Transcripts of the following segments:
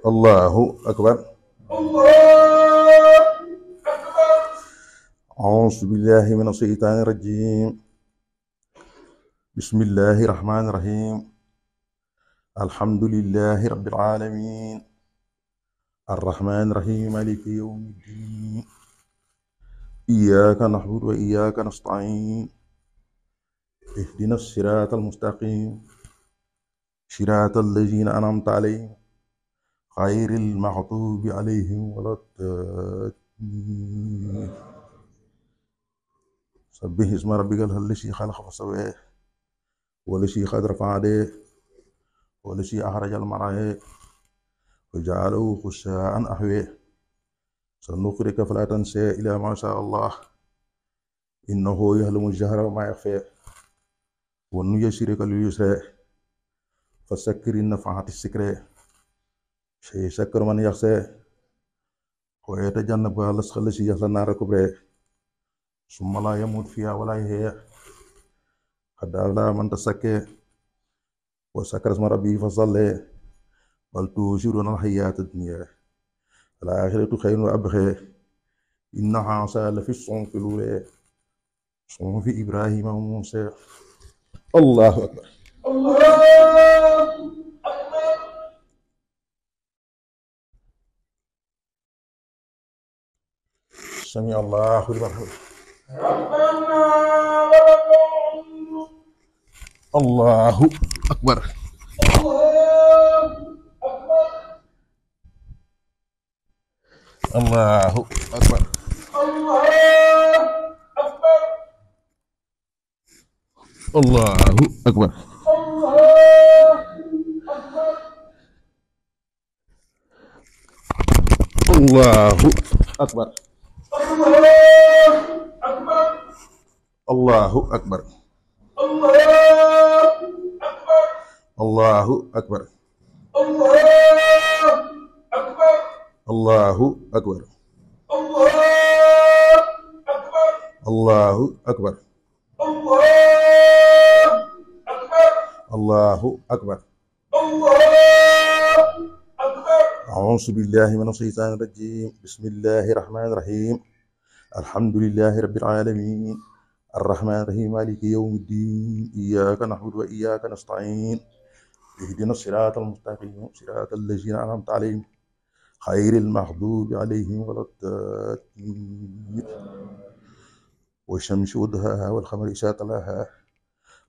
allahu akbar auzu billahi min asheytaani irajim bismillahi irrahmani irrahim alhamdulilahi rabbil alamin arrahmani irrahim maliki yawmi ddin iyyaka na'budu wa iyyaka nasta'in ihdina siraatal mustaqiim siraatal laziina an'amta alayhim غير المغضوب عليهم ولا الضالين سبح اسم ربك الذي خلق فسواه والذي قدر فهداه والذي أخرج المرعى وجعله غثاء أحواه سنقرئك فلا تنسى إلا ما شاء الله إنه يعلم الجهر وما يخفى ونيسرك لليسرى فسكر النفعات السكرى في شكر من يخسى ويتجنبها الأسخى التي يصلى النار الكبرى ثم لا يموت فيها ولا يحيى قد أفلح من تزكى وذكر اسم ربه فصلى بل تؤثرون الحياة الدنيا والآخرة خير وأبقى إن هذا لفي الصحف الأولى صحف إبراهيم وموسى الله أكبر الله sami allahu liman hamid allahu akbar allahu akbar allahu akbar allahu akbar allahu akbar allahu akbar allahu akbar allahu akbar allahu akbar أعوذ بالله من الشيطان الرجيم بسم الله الرحمن الرحيم alhamdulilahi rabbil alamin arrahman rahim maliki yawmi ddin iyyaka na'budu wa iyyaka nasta'in ihdina sirata almustaqim sirata allazina an'amta alayhim xayril maxdubi alayhim wala ddaalin wash-shamsi wadduhaha wal-qamari izaa talaaha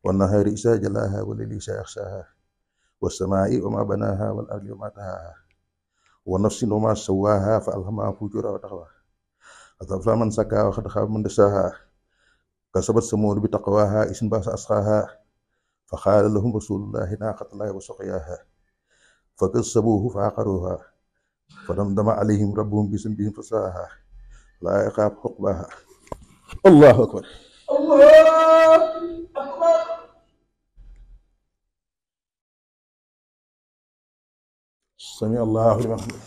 wan-nahaari izaa jalaaha wal-layli izaa yaxshaaha was-samaa'i wa maa banaaha wal-ardi wa maa tahaaha wa nafsin wa maa sawwaaha fa alhamahaa fujuuraha wa taqwaaha أضافها من زكاها وقد خاب من دساها كسبت ثمود بتقواها إذ انبعث أشقاها فقال لهم رسول الله ناقة الله وسقياها فكذبوه فعقروها فدمدم عليهم ربهم بذنبهم فساها لا يخاف عقباها الله أكبر الله أكبر سمع الله لمن حمده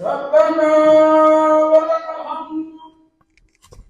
ربنا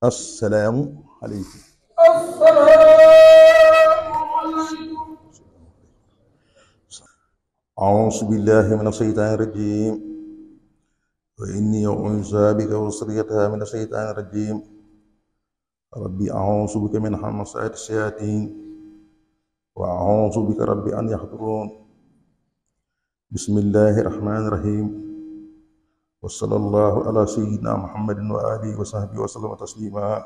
assalaamu aleykum أعوذ بالله من الشيطان الرجيم وإني أنسى بك وصريتها من الشيطان الرجيم ربي أعوذ بك من حمسات الشياطين وأعوذ بك ربي أن يحضرون بسم الله الرحمن الرحيم wa sallallahu ala sayyidina muhammadin wa alihi wa sahbihi wa sallama taslima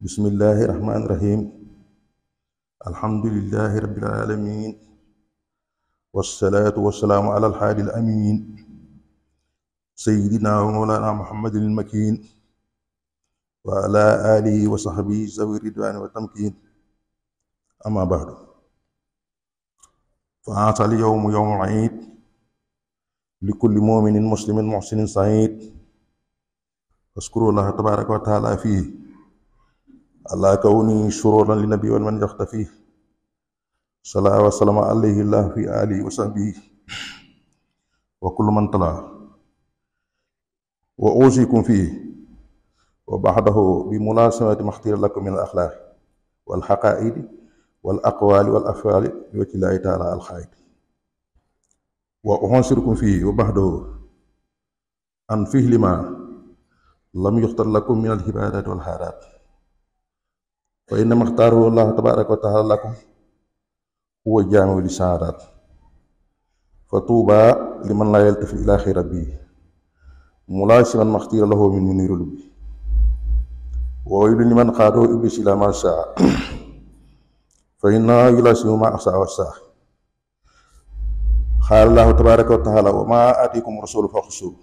bismillahi rahmani rahim alhamdulillahi rabbil alamin wassalaatu wassalaamu ala alhaadi alamin sayyidina wa mawlana muhammadin almakin wa ala alihi wa sahbihi zawi ridwani wa tamkin amma ba'du fa atal yawmu yawmul iid li kulli mu'minin muslimin muhsinin sa'id waskuru llaha tabaaraka wa taala fii ala kawni shururan li nabi wal man yaxtafi salaa wa salama alayhi llah fi alihi wa sahbihi wa kullu man tala wa usikum fii wa baxdahu bi mulaasamati maxtira lakum min al axlaaqi wal xaqaaidi wal aqwaali wal af'aali bi wajhi llaahi taala al xaayid wa uxansirukum fii wa baxdoo an fihlima lam yuxtar lakum min alxibaadaati wal xaaraat fa innama xtaaru allahu tabaraka wa taala lakum huwa jaamiu li saadaat fa tuuba liman laa yaltafi ilaa xayri rabbi mulaasiman maxtiira lahu min muniri lubi wa waylun liman xaadoo iblis ilaa maa saa fa inna yulaasimu maa asaa wa saa qaala allahu tabaraka wa taala wa ma aatikum rasulu fa xusu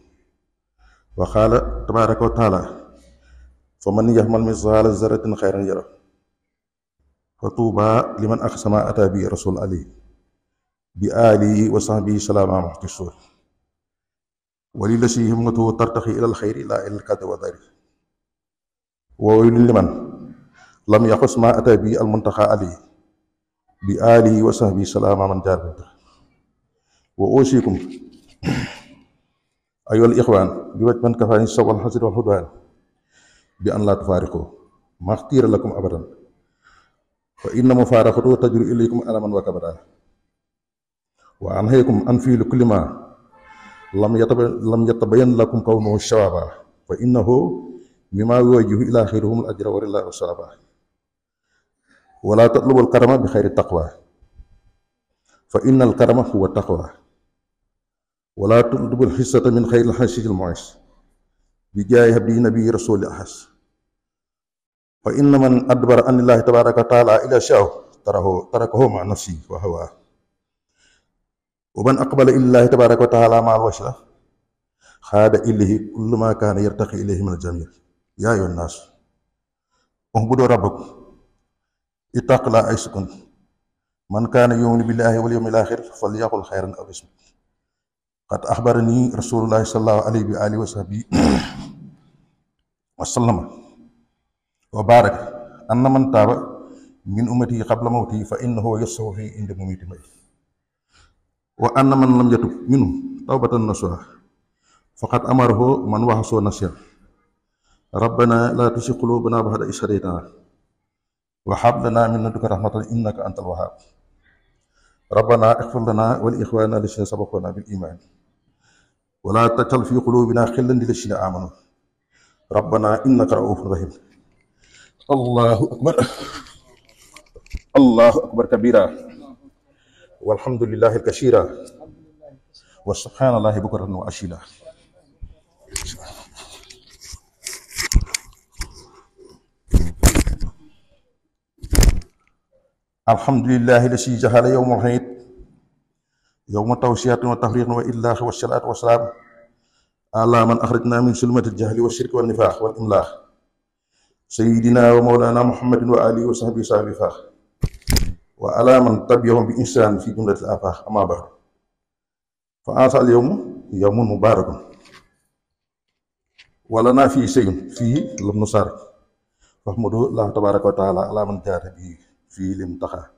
wa qaala tabaraka wa taala fa man yaxmal misqaala zarratin xayran yara fa tuuba liman aqsama ata bi rasul ali bi alihi wa sahbihi salaama muxtisul wali la si himmatuhu tartaxi ilal xayri laa ilal kaddi wa dari wa waylun liman lam yaxus ma ata bi almuntaxa ali bi alihi wa sahbihi salaama man jaar wa uusikum ayyuhal ixwaan bi waj man kafaani saw wal xasid wal bi an laa tufaariqu maa lakum abadan fa inna mufaaraqatu tajru ilaykum alaman wa kabada wa anhaykum an fiilu kulli maa lam yataba lam yatabayan lakum kawnuhu shawaaba fa innahu mimmaa yuwajjihu ilaa xayrihum al ajra wa lillaahi sawaaba wa laa tatlubul karama bi xayri taqwa fa innal karama huwa taqwa wala tubul xissata min xayril xasisil mois bi jaay habdi nabi rasuli ahas fa inna man adbara an illahi tabaraka wa taala ila shaahu tarahu tarakahu ma nafsi wa hawa wa man aqbala illahi tabaraka wa taala ma alwasla xaada ilayhi kullu ma kaana yartaqi ilayhi min aljamil yaa ayyuhan naas ubudu rabbakum ittaqu laa ay sukun man kaana yu'minu billahi wal yawmil aaxir falyaqul xayran aw liyasmut qad axbarani rasulullahi sallallahu wa baraka anna man taaba min ummati qabla mawti fa innahu yasawu fi inda mumiti may wa anna man lam yatub minhum tawbatan nasuha faqad amarahu man waxasoo nasiya rabbana la tusi qulubana ba'da idh hadaytana wa hab lana min ladunka rahmatan innaka antal wahhab rabbana ighfir lana wa li ikhwanina alladhina sabaquna bil wala tajal fi qulubina xillan li lachina amanu rabbana innaka raufun rahim allahu akbar allahu akbar kabira walhamdulillahi alkashira wa subhanallahi bukratan wa ashila alhamdulillahi lazi jahala yawmal hayd yawma tawsiyatin wa tafriqin wa illahi wa salaatu wa salaam ala man axrajna min zulmati ljahli wa shirki wa nifaax wal imlaax sayyidina wa mawlana muhammadin wa alihi wa sahbihi saabi faax wa ala man tabiahum bi ihsaan fi jumlatil afaax amma ba'du fa haazaa al yawmu yawmun mubaarakun wa lanaa fiihi shay'un fiihi lam nusaarik fahmadu llaaha tabaaraka wa taala ala man jaara bihi fii lim taxa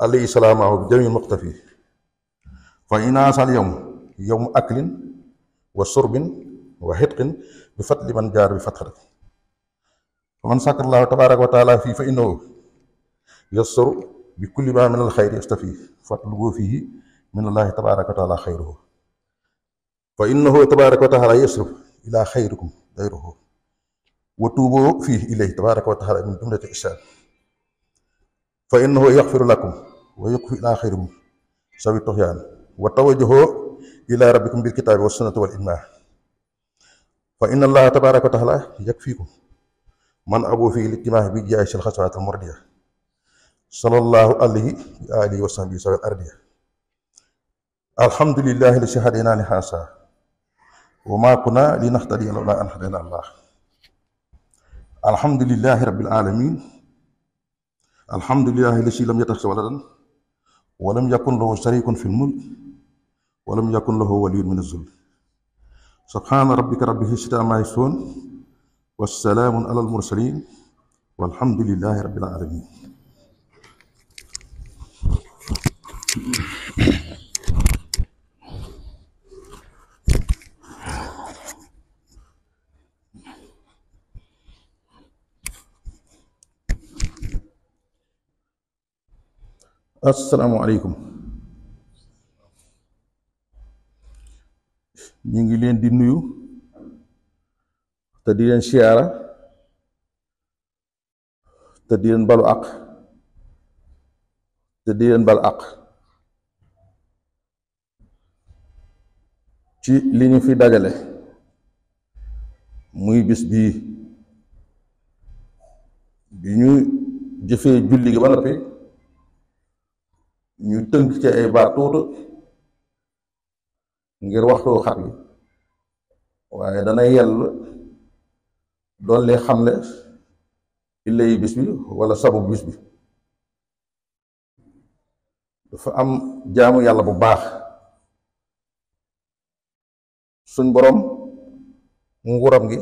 alayhi salaamu bi jamiil muqtafi fa inaasal yowm yowmu aklin wa surbin wa xitqin bi fatli man jaar bi fatxati fa man sàkkarlaahu tabaaraka wa taala fii fa innahu yassur bi kulli ma min al xayri yastafi fatlubu fihi min allahi tabaaraka wa taala xayruhu fa innahu tabaaraka wa taala yasrif ilaa xayrikum dayruhu wa tuuboo fii ilayhi tabaaraka wa taala min jumlati ihsaan fa innahu yaxfiru lakum wa yuqfi ilaa xayrikum sawi toxyaan wa tawajjahu ila rabbikum bil kitaabi wa sunnati wal ijmaa fa inna wa taala yakfiikum man abu fii lijtimaa bi jaayis al xasawaat al murdiya sallallahu alayhi wa alihi wa sahbihi sawi al ardiya alhamdulillahi li si hadina li xaasa wa maa kunna li naxtadiya lawlaa an hadana allah alhamdulillahi rabbil alamin alhamdulillahi li si lam yattaxis waladan wa lam yakun lahu sharikun fil mulk walam yakun lahu waliyun min azul subhaana rabbika rabbil izzati ammaa yasifuun wa salaamun alal mursaliin walhamdulillaahi rabbil aalamiin assalaamu aleykum ñu ngi leen di nuyu te di leen siyaara te di leen balu àq te di leen bal àq ci li ñu fi dajale muy bis bii bi ñu jëfee julli gi ba noppi ñu tënk ci ay baat tuuti ngir waxtu xar bi waaye dana yell doon lee xamle illa yi bis bi wala sabub bis bi dafa am jaamu yàlla bu baax suñ boroom nguuram gi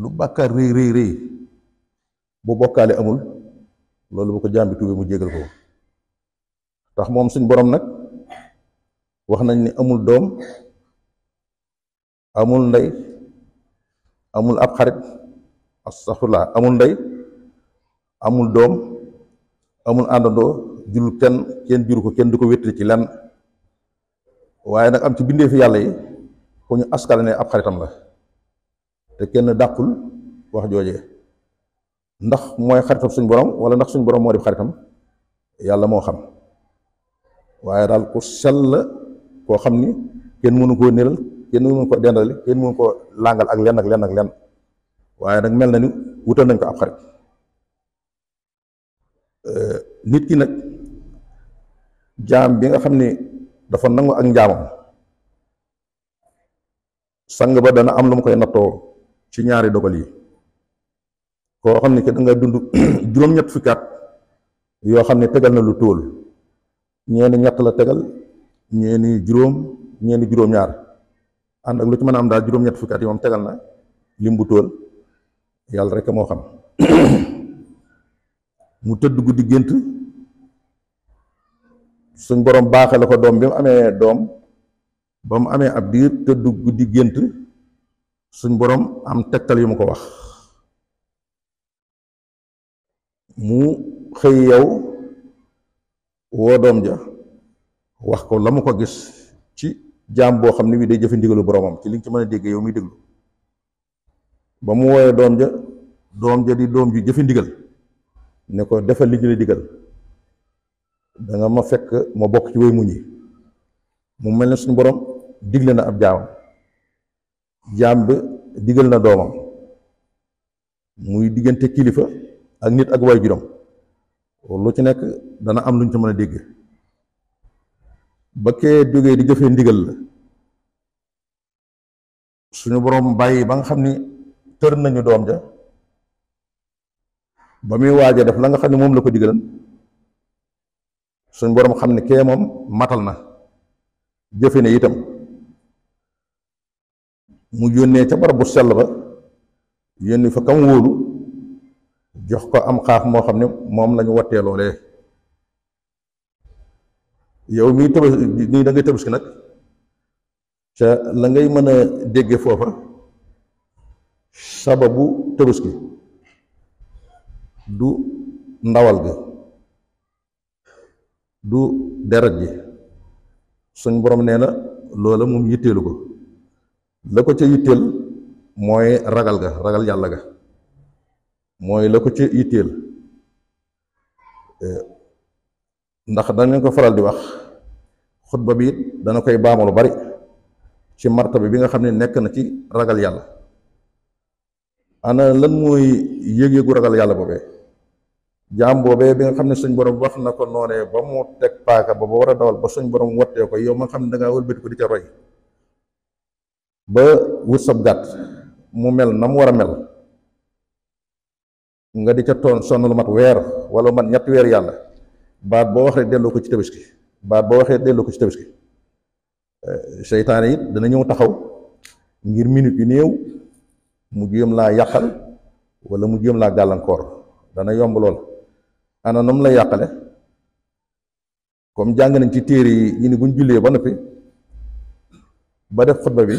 lu bàkkaar rëy rëy rëy bu bokkaale amul loolu bu ko jaam bi tuubee mu jégal ko tax moom suñ boroom nag wax nañ ni amul doom amul ndey amul ab xarit astaxfirullah amul ndey amul doom amul àndandoo jurul kenn kenn juru ko kenn du ko wéttali ci lenn waaye nag am ci bindeefi yàlla yi ku ñu askale ne ab xaritam la te kenn dàqul wax jooje ndax mooy xaritam suñ borom wala ndax suñ borom moo di xaritam yàlla moo xam waaye daal ku sell koo xam ni kenn mënu koo nelal kenn mënu koo dendale kenn mënu koo làngal ak lenn ak lenn ak waaye nag mel na ni wutal nañ ko ab xarit nit ki nag jaam bi nga xam ni dafa nangu ak njaamam sang ba dana am lu mu koy nattoo ci ñaari dogal yi koo xam ni ki da nga dund juróom-ñett fukkaat yoo xam ne tegal na lu tóol ñeeni ñett la tegal ñeeni juróom ñeeni juróom-ñaar ànd ak lu ci mën a am daal juróom-ñett fukki yi moom tegal na lim bu tóol yàlla rek moo xam mu tëdd guddi gént suñ boroom baaxee la ko doom bi mu doom ba mu amee ab diir tëdd suñ borom am tegtal yu mu ko wax mu xëy yow woo doom ja wax ko la mu ko gis ci jaam boo xam ne bi day jëfe boromam ci li nga ci mën a dégg yow muy déglu ba mu woowee doom ja doom ja di doom ju ne ko defal li ñu la digal danga ma fekk ma bokk ci way mu ñi mu mel ne suñu borom digle na ab jaamam jaam bi digal na doomam muy diggante kilifa ak nit ak waajuram lu ci nekk dana am luñ ci mën a dégg ba kee jógee di jëfee ndigal la suñu boroom bàyyi ba nga xam ni tër nañu doom ja ba muy waaja def la nga xam ne moom la ko digalan suñu boroom xam ne kee moom matal na jëfe ne itam mu yónnee ca barab bu sell ba yónni fa kam wóolu jox ko am xaaf moo xam ne moom lañu wattee loolee yow mii tabaski nii dangay ngay tabaski nag ca la ngay mën a dégge foofa sababu tabaski du ndawal ga du deret ji suñ borom nee na loola moom yitteelu ko la ko ca yitteel mooy ragal ga ragal yàlla ga mooy la ko ca yitteel ndax dañ leen ko faral di wax xutba ba it dana koy baamu lu bari ci martaba bi bi nga xam ne nekk na ci ragal yàlla ana lan mooy yëg-yëgu ragal yàlla boobee jaam boobee bi nga xam ne suñ borom wax na ko noonee ba mu teg paaka ba ba war a dawal ba suñ borom wattee ko yow ma nga xam ne dangaa wëlbati ko di ca roy ba wut sab gàtt mu mel na mu war a mel nga di ca toon sonn lu mat weer wala mat ñetti weer yàlla baat boo waxee delloo ko ci tabaski baat boo waxee delloo ko ci tabaski eh, seytaane it dana ñëw taxaw ngir minute yu néew mu jéem laa yàqal wala mu jéem laa gàllankoor dana yomb lool ana nom lay yàqale comme jàng nañ ci téere yi ñu ni buñ jullee ba noppi ba def xutba bi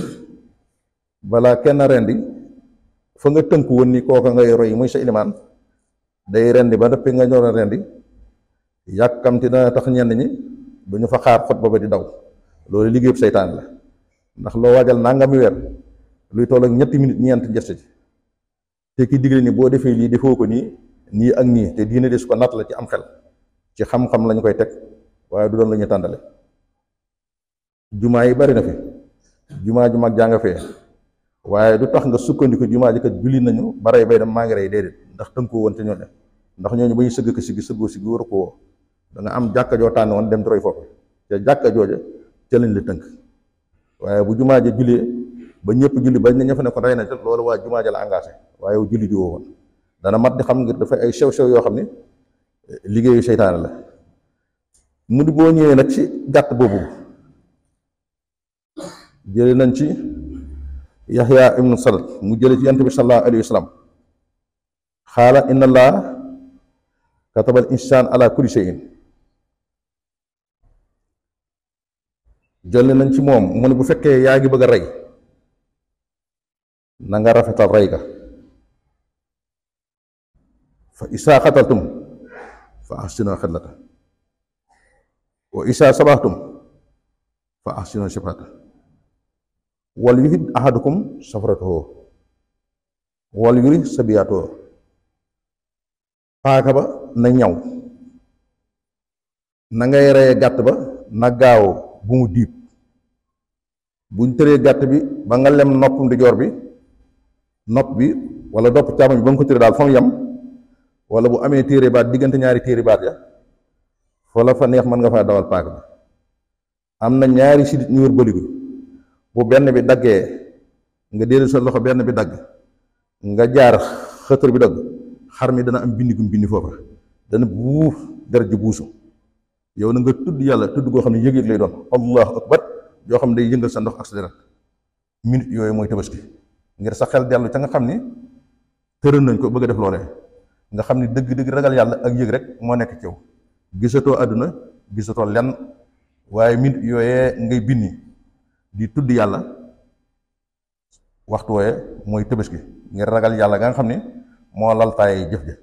balaa kenn rendi fa nga tënk woon ni kooka ngay roy muy sa ilimaan day rendi ba noppi nga ñor a rendi yàkkamti dana tax ñenn ñi bu ñu fa xaar xutba ba di daw loolu liggéeyub seytaan la ndax loo waajal nangami weer luy toll ak ñetti minute ñeent geste ci te ki digle ni boo defee lii defoo ko nii nii ak nii te diine de su ko natt la ci am xel ci xam-xam lañu koy teg waaye du doon la tàndale jumaa yi bari na fi jumaa ju mag jàng fee waaye du tax nga sukkandiku jumaa ji kat julli nañu baray bay dem maa ngi rey déedéet ndax tënku woon te ñooñu ndax ñooñu ba ñu sëgg ko sigi sëggoo sigi waru ko da am jàkka joo tànn dem troy foofu te jàkka jooja ca tënk waaye bu jumaa ja jullee ba ñëpp julli ba ne ña fa na ca loolu waa jumaa ja la engagé waaye yow julli jiwoo woon dana mat di xam ngir dafa ay sew-sew yoo xam ne eh, liggéeyu seytaane la mu di boo ñëwee nag ci gàtt boobu jële nañ ci yaxya ibnu salat mu jële ci yant bi sallallahu alayhi wa sallam xaala inna allaha katabal insaan ala kulli shay'in jolli nañ ci moom mu ne bu fekkee yaa ngi bëgg a rey na nga rafetal rey ga fa isaa xataltum fa fa ahsinu sibxata wal yurid ahadukum safaratahu wal yuri sabiyaatoo paaka ba na ñaw na ngay gàtt ba na gaaw bu mu diib buñ tëree gàtt bi ba nga lem nopp ndijoor bi nopp bi wala dopp càmmoñ bi ba nga ko tëree daal fa mu yem wala bu amee téere baat diggante ñaari téere baat ya fa la fa neex mën nga faa dawal paak bi am na ñaari sidit ñu wër bëligu bu benn bi daggee nga déedéet sa loxo benn bi dagg nga jaar xëtër bi dagg xar mi dana am bindi bindi foofa dana buuf der ji buusu yow na nga tudd yàlla tudd goo xam ne yëg-yëg lay doon allahu akbar yoo xam ne day yëngal sa ndox ak sa deret minute yooyu mooy tabaski ngir sa xel dellu ca nga xam ni tëral nañ ko bëgg a def loolee nga xam ni dëgg-dëgg ragal yàlla ak yëg rek moo nekk ci gisatoo àdduna gisatoo lenn waaye minute yooyee ngay binni di tudd yàlla waxtu wooyee mooy tabaski ngir ragal yàlla nga xam ni moo laltaay jëf ja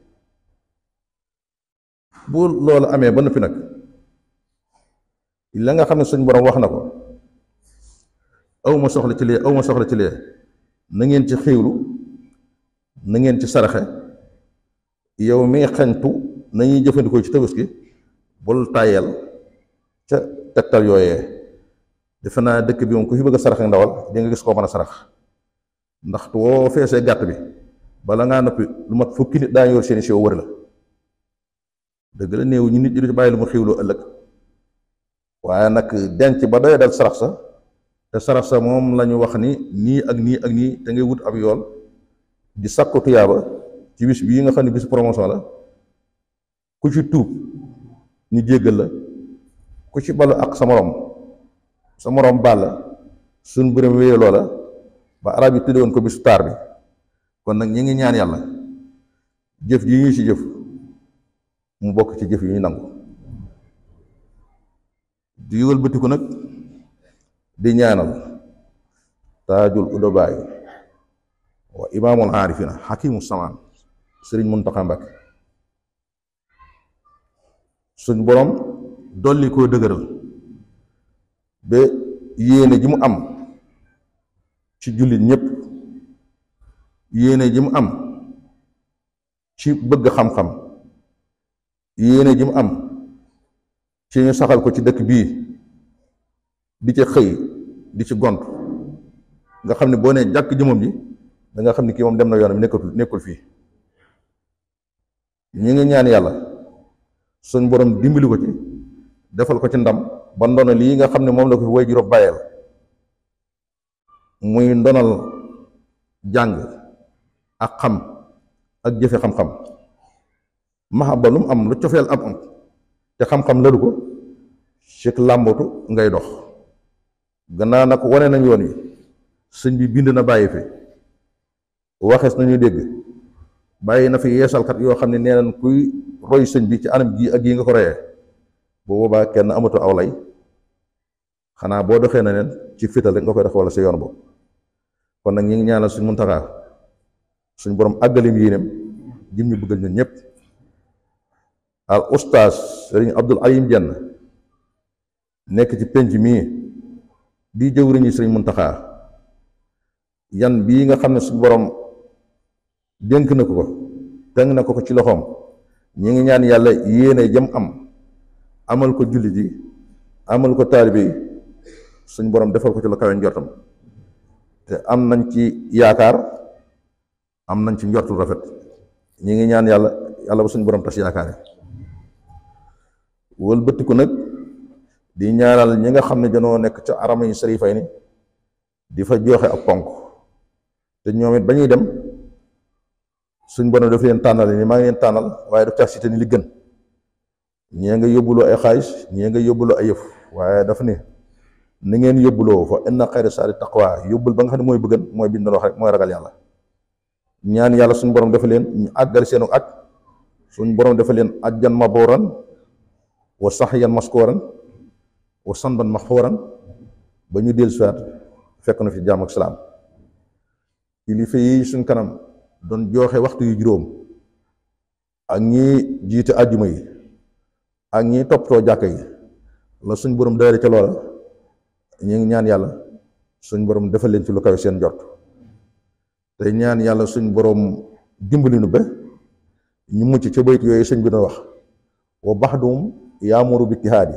loolu amee ba noppi nag la nga xam ne suñ boroom wax na ko aw soxla ci lee aw ma soxla ci lee na ngeen ci xiiwlu na ngeen ci saraxe yow mi xentu nañuy jëfandikoo ci gi bul tàyyeel ca tegtal yooyee defe naa dëkk bi moom ku fi bëgg a sarax ndawal di nga gis koo mën a sarax ndax woo feesee gàtt bi bala ngaa noppi lu mat fukki nit daa yor seeni si wër la dëgg la néew ñu nit ñi di bàyyi lu mu xiiwloo ëllëg waaye nag denc ba doy dal sarax sa te sarax sa moom lañu wax ni nii ak nii ak nii te ngay wut ab yool di sakku tuyaaba ci bis bii nga xam ne bis promotion la ku ci tuub ñu jéggal la ku ci balu ak sa morom sa morom baal la suñ bërëm wéye loola ba arab yi tudde woon ko bis taar bi kon nag ñi ngi ñaan yàlla jëf yi ñu ci jëf mu bokk ci jëf yu ñu nangu di wëlbatiku nag di ñaanal taajul udabaay wa imaamul aarifina xakimu samaan sëriñ Muntaxa Mbakke suñ borom dolli koo dëgëral ba yéene ji mu am ci jullit ñépp yéene ji mu am ci bëgg xam-xam yéene ji mu am ci ñu saxal ko ci dëkk bii di ci xëy di ci gont nga xam ne boo nee jàkk jëmam ji danga xam ne kii moom dem na yoonam nekkatul nekkul fii ñu ngi ñaan yàlla suñ borom dimbali ko ci defal ko ci ndam ba ndono lii nga xam ne moom la ko fi way juróom bàyyeel muy ndonal jàng ak xam ak jëfe xam-xam maxaba lu mu am lu cofeel am am te xam-xam lalu ko ci làmbatu ngay dox gannaaw nag wane nañ yoon wi sëñ bi bind na bàyyi fi waxees nañu dégg bàyyi na fi yeesalkat yoo xam ne nee nañ kuy roy sëñ bi ci anam gii ak yi nga ko royee bu boobaa kenn amatu aw lay xanaa boo doxee na neen ci fital rek nga koy dox wala si yoon boobu kon nag ñu ngi ñaanal suñ Muntaxa suñ borom àggalim yéenéem jim ñu bëggal ñun ñëpp al oustaz sëriñ Abdul Alim jan nekk ci penc mii di jëwriñu sëriñ Muntaxaa yan bii nga xam ne su borom dénk na ko ko tënk na ko ko ci loxoom ñi ngi ñaan yàlla yéene jëm am amal ko jullit yi amal ko taalibe yi suñ borom defal ko ci la kawe njortam te am nañ ci yaakaar am nañ ci njortul rafet ñi ngi ñaan yàlla yàlla ba suñ borom tas yaakaar wëlbatiku nag di ñaanal ñi nga xam ne danoo nekk ca arama yu sarifay ni di fa joxe ak ponk te ñoom it ba ñuy dem suñ bon daf leen tànnal ni maa ngeen tànnal waaye daf caa cité ni li gën ñee nga yóbbuloo ay xaalis ñee nga yóbbuloo ay yëf waaye dafa ne ni ngeen yóbbuloo fa inna xayra saari taqwa yóbbul ba nga xam ne mooy bëggan mooy bind wax rek mooy ragal yàlla ñaan yàlla suñ borom dafa leen ñu àggal seenu ak suñ borom dafa leen ajjan ma booran wa saxyan maskooran wa sanban maxooran ba ñu dellu siwaat fekk na fi jàmm ak salaam kilifa yi suñ kanam doon joxe waxtu yu juróom ak ñi jiite àjjuma yi ak ñi toppatoo jàkk yi la suñ borom daare ca loola ñu ngi ñaan yàlla suñ borom defal leen ci lu kawe seen jot te ñaan yàlla suñ borom dimbali nu ba ñu mucc ca bayit yooyu suñ bi doon wax wa baxdum yaamuru bi tihaadi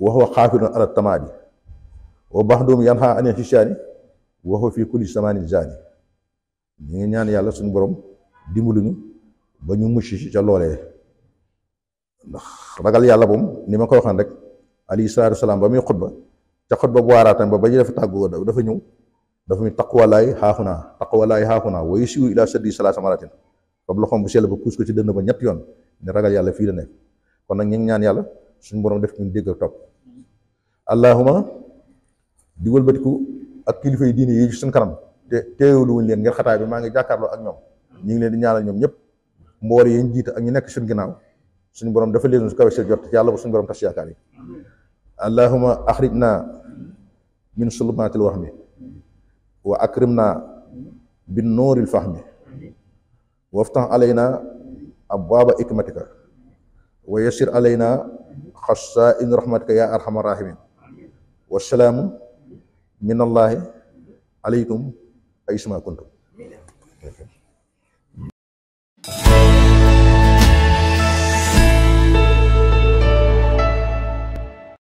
wa huwa xaafidun ala tamaadi wa baxdum yanha anil hishaani wa fii fi kulli samanin jaani ñu ngi ñaan yàlla suñu borom dimbaluñu ba ñu mucc ci ca loolee ndax ragal yàlla moom ni ma ko waxan rek alayhi salaatu salaam ba muy ba ca xutba bu waaraatam ba ba ñu dafa tàggoo dafa ñëw dafa muy taqwalaay xaaxunaa taqwalaay xaaxunaa wa yusiu ila saddi salaasa maratin fab loxoom bu sell ba puus ko ci dënn ba ñett yoon ne ragal yàlla fii la nekk kon nag ñu ngi ñaan yàlla suñ borom def ñu dégg ak topp allahuma di wëlbatiku ak kilifay yi diine yi suñu kanam te teewlu wuñ leen ngir xataay bi maa ngi jàkkaarloo ak ñoom ñu ngi leen di ñaanal ñoom ñëpp mboor yi ñu jiite ak ñu nekk suñu ginnaaw suñu borom dafa leen su kawe seen jot yàlla ba suñu borom tas yaakaar yi allahuma axrijna min sulumaatil wahmi wa akrimna bin nuuril fahmi waftah alayna abwaaba ikmatika wa yassir alayna xassa in rahmatka ya arhamar rahimin wasalaamu min allahi aleykum ay suma kuntum